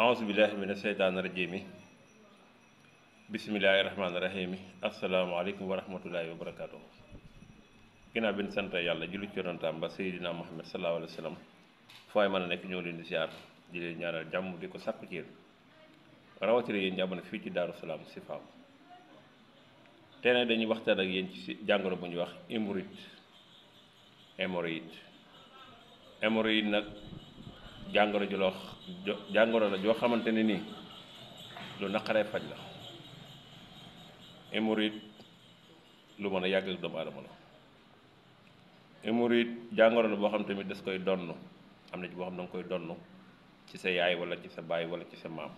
aouzu billahi min asheytaani rajimi bisimilahi rahmaani rahimi asalaamaaleykum wa rahmatullahi wa barakaatuhu ginnaaw bi ñu sant yàlla julli ci ba Seydina Muhammad sallallahu alayhi wa sallam fooy mën a nekk ñoo leen di siyaar di leen ñaanal jàmm di ko sàkku ci yéen rawatina yéen jàmm fii ci Daaru Salaam si faaw tey nag dañuy waxtaan ak yéen ci jàngoro bu ñuy wax hémorroïde hémorroïde nag. jàngoro ju loo jàngoro la joo xamante ne nii lu naqaree faj la hémorroïde lu mën a yàgg ak doomu aadama la hémorroïde jàngoro la boo xam tamit das koy donn am na ci boo xam da nga koy donn ci sa yaay wala ci sa baay wala ci sa maam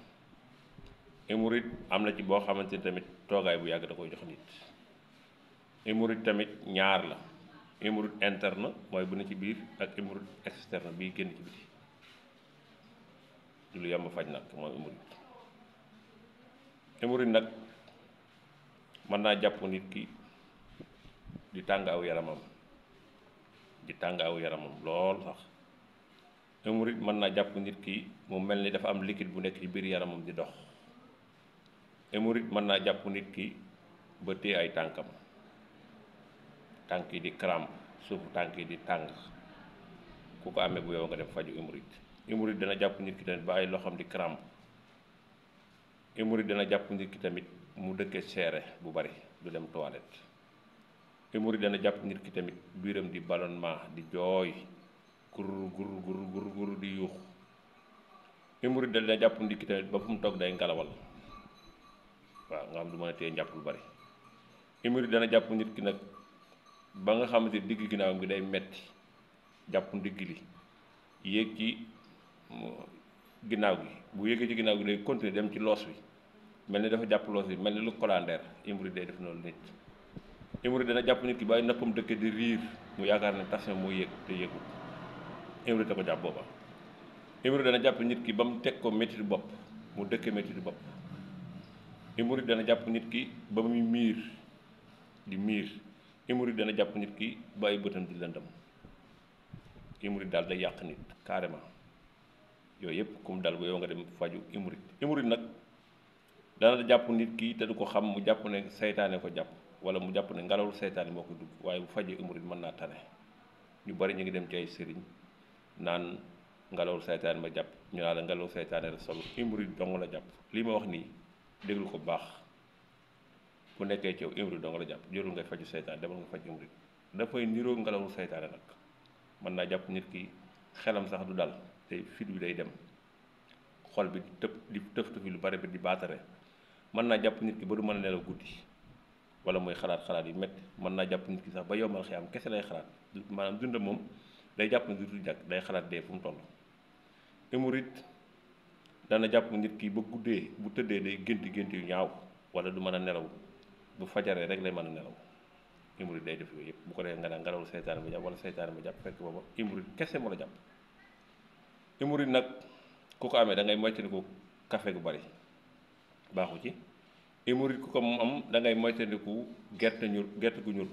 hémorroïde am na ci boo xamante ni tamit toogaay bu yàgg da koy jox nit hémorroïde tamit ñaar la hémorroïde interne mooy bu ne ci biir ak hémorroïde externe bii génn ci biti lu yomb faj nag mooy hémorroïde hémorroïde nag mën naa jàpp nit ki di tàng aw yaramam di tàng aw yaramam lool sax hémorroïde mën naa jàpp nit ki mu mel ni dafa am liquide bu nekk ci biir yaramam di dox hémorroïde mën naa jàpp nit ki ba téye ay tànkam tànk yi di crampe suufu tànk yi di tàng ku ko amee bu yow nga dem faju hémorroïde hémorroïde dana jàpp nit ki tamit ba ay loxoom di crampe hémorroïde dana jàpp nit ki tamit mu dëkkee seere bu bari du dem toilette hémorroïde dana jàpp nit ki tamit biiram di ballonnement di jooy gur gur gur gur gur di yuux dana jàpp nit tamit ba fu mu toog day ngalawal waaw nga xam du mën a téye njàpp lu bari hémorroïde dana jàpp nit ki nag ba nga xamante digg ginnaawam gi day metti jàpp ndigg li yéeg ci ginnaaw gi bu yéegee ci ginnaaw gi day continuer dem ci loos bi mel ni dafa jàpp loos wi mel ni lu colandeer hémorroïde day def noonu nit hémorroïde dana jàpp nit ki bàyyi noppam dëkk di riir mu yaakaar ne tension moo yéeg te yéegul hémorroïde da ko dana jàpp nit ki ba mu teg ko métti bopp mu dëkkee métti bopp hémorroïde dana jàpp nit ki ba muy miir di miir hémorroïde dana jàpp nit ki bàyyi bëtam di lëndam hémorroïde daal day yàq nit carrément yooyu yëpp kum dal bu yow nga dem faju imurit imurit nag dana jàpp nit kii te du ko xam mu jàpp ne seytaane ko jàpp wala mu jàpp ne ngelawul seytaane moo ko dugg waaye bu fajee imurit mën naa tane ñu bari ñu ngi dem ci sëriñ naan ngelawul seytaane ma jàpp ñu naa la ngelawul seytaane la sol imurit dong la jàpp lii ma wax nii déglu ko baax bu nekkee ci yow dong la jàpp jërul ngay faju seytaane demal nga faj imurit dafay niroo ngelawul seytaane mën naa jàpp nit ki xelam sax du dal te fit bi day dem xol bi di tëb di lu bari bi di baatare mën naa jàpp nit ki ba du mën a nelaw guddi wala muy xalaat xalaat yu metti mën naa jàpp nit ki sax ba yombal xëy am kese lay xalaat maanaam dund moom day jàpp ne du ñàkk xalaat dee fu mu toll. hémorroïde jàpp nit ki ba guddee bu tëddee day gént gént yu ñaaw wala du mën a nelaw bu fajaree rek lay mën a nelaw hémorroïde day def yooyu yëpp bu ko defee nga ne ngelawul seytaane ba jàpp wala seytaane ba jàpp fekk booba hémorroïde kese moo la jàpp. hémorroïde nag ku ko amee da ngay moytandiku café gu bari baaxu ci hémorroïde ku ko mu am da ngay moytandiku gerte gerte gu ñur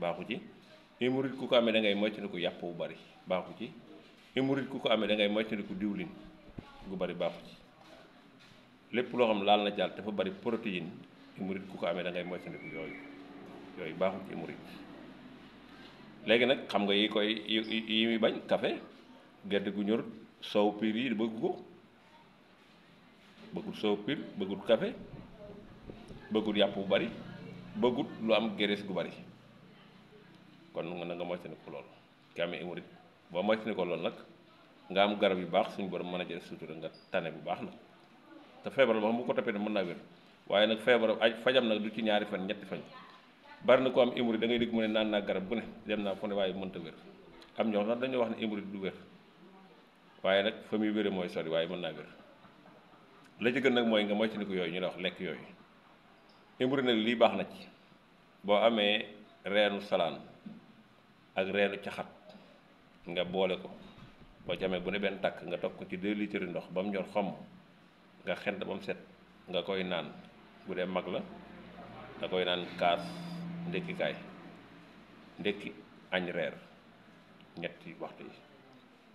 baaxu ci hémorroïde ku ko amee da ngay moytandiku yàpp bu bari baaxu ci hémorroïde ku ko amee da ngay moytandiku diwlin gu bari baaxu ci lépp loo xam laal na jàll dafa bari protéine hémorroïde ku ko amee dangay ngay moytandiku yooyu yooyu baaxu ci hémorroïde léegi nag xam nga yi koy yi yi muy bañ café gerte gu ñorut soow piir yi bëgg ko bëggut soow piir bëggul café bëggul yàpp bu bari bëggul lu am gerees gu bari kon na nga moytandi ko loolu ki amee émorite boo moytandi ko loolu nag nga am garab yu baax suñu borom mën a jël sutura nga tane bu baax na te feebaral ba xam bu ko toppee mën naa wér waaye nag feebaram aj fajam nag du ci ñaari fan ñetti fan bari na ko am émorite da ngay dégg mu ne naan naa garab bu ne dem naa fu ne waaye mënta wér am ñoo nag dañoo wax ne émorite du wér waaye nag fa muy wére mooy sori waaye mën naa wér la ci nag mooy nga moytandiku yooyu ñu la wax lekk yooyu imburu nag lii baax na ci boo amee reenu salaan ak reenu caxat nga boole ko boo ci amee bu ne benn takk nga toog ko ci deux litres ndox ba mu ñor xomm nga xent bam set nga koy naan bu dee mag la nga koy naan kaas ndékkikaay ndékki añ reer ñetti waxtu yi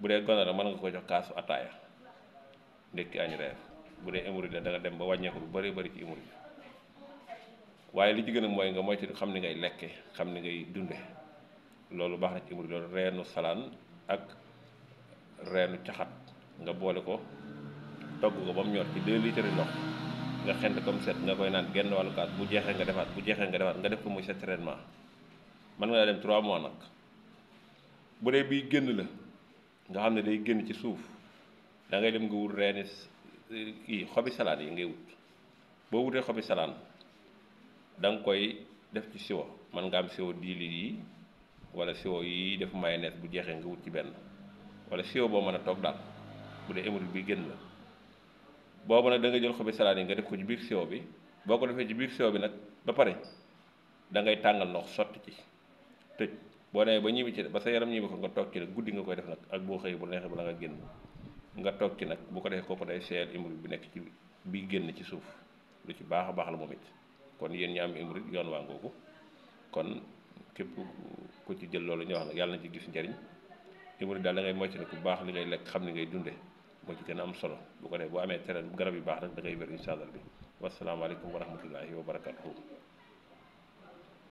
bu dee gone la mën nga ko jox kaasu ataaya ndekki añ reer bu dee hémorroïde la da dem ba wàññeeku bu baree bëri ci hémorroïde waaye li ci gën a mooy nga moytu xam ni ngay lekke xam ni ngay dunde loolu baax na ci hémorroïde loolu reenu salaan ak reenu caxat nga boole ko togg ko ba mu ñor ci 2 litres ndox nga xent comme set nga koy naan genn wàllu kaas bu jeexee nga defaat bu jeexee nga defaat nga def ko muy sa traitement mën nga dem 3 mois nag bu dee génn la nga xam ne day génn ci suuf dangay dem nga wut reeni kii xobi salaan yi ngay wut boo wutee xobi salaan danga koy def ci siwo man nga am siwo diili yi wala siwo yi def mayonnaise bu jeexee nga wut ci benn wala siwo boo mën a toog daal bu dee émeri bi génn la boobu nag da nga jël xobi salaan yi nga def ko ci biir siwo bi boo ko defee ci biir siwo bi nag ba pare dangay tàngal ndox sotti ci tëj boo demee ba ñibbi ci ba sa yaram ñibbi ko nga toog ci nag guddi nga koy def nag ak boo xëyee bu neexee bala nga génn nga toog ci nag bu ko defee kooku day seeyal imru bi nekk ci bi génn ci suuf lu ci baax a baax la moom it kon yéen ñi am imru yoon waa ngoogu kon képp ku ci jël loolu ñu wax nag yàlla gis njariñ imru daal da ngay moytu baax li ngay lekk xam ngay dunde moo ci gën am solo bu ko defee bu amee terrain garab yu baax rek da ngay wér incha allah bi wasalaamaaleykum wa rahmatullahi wa barakatuhu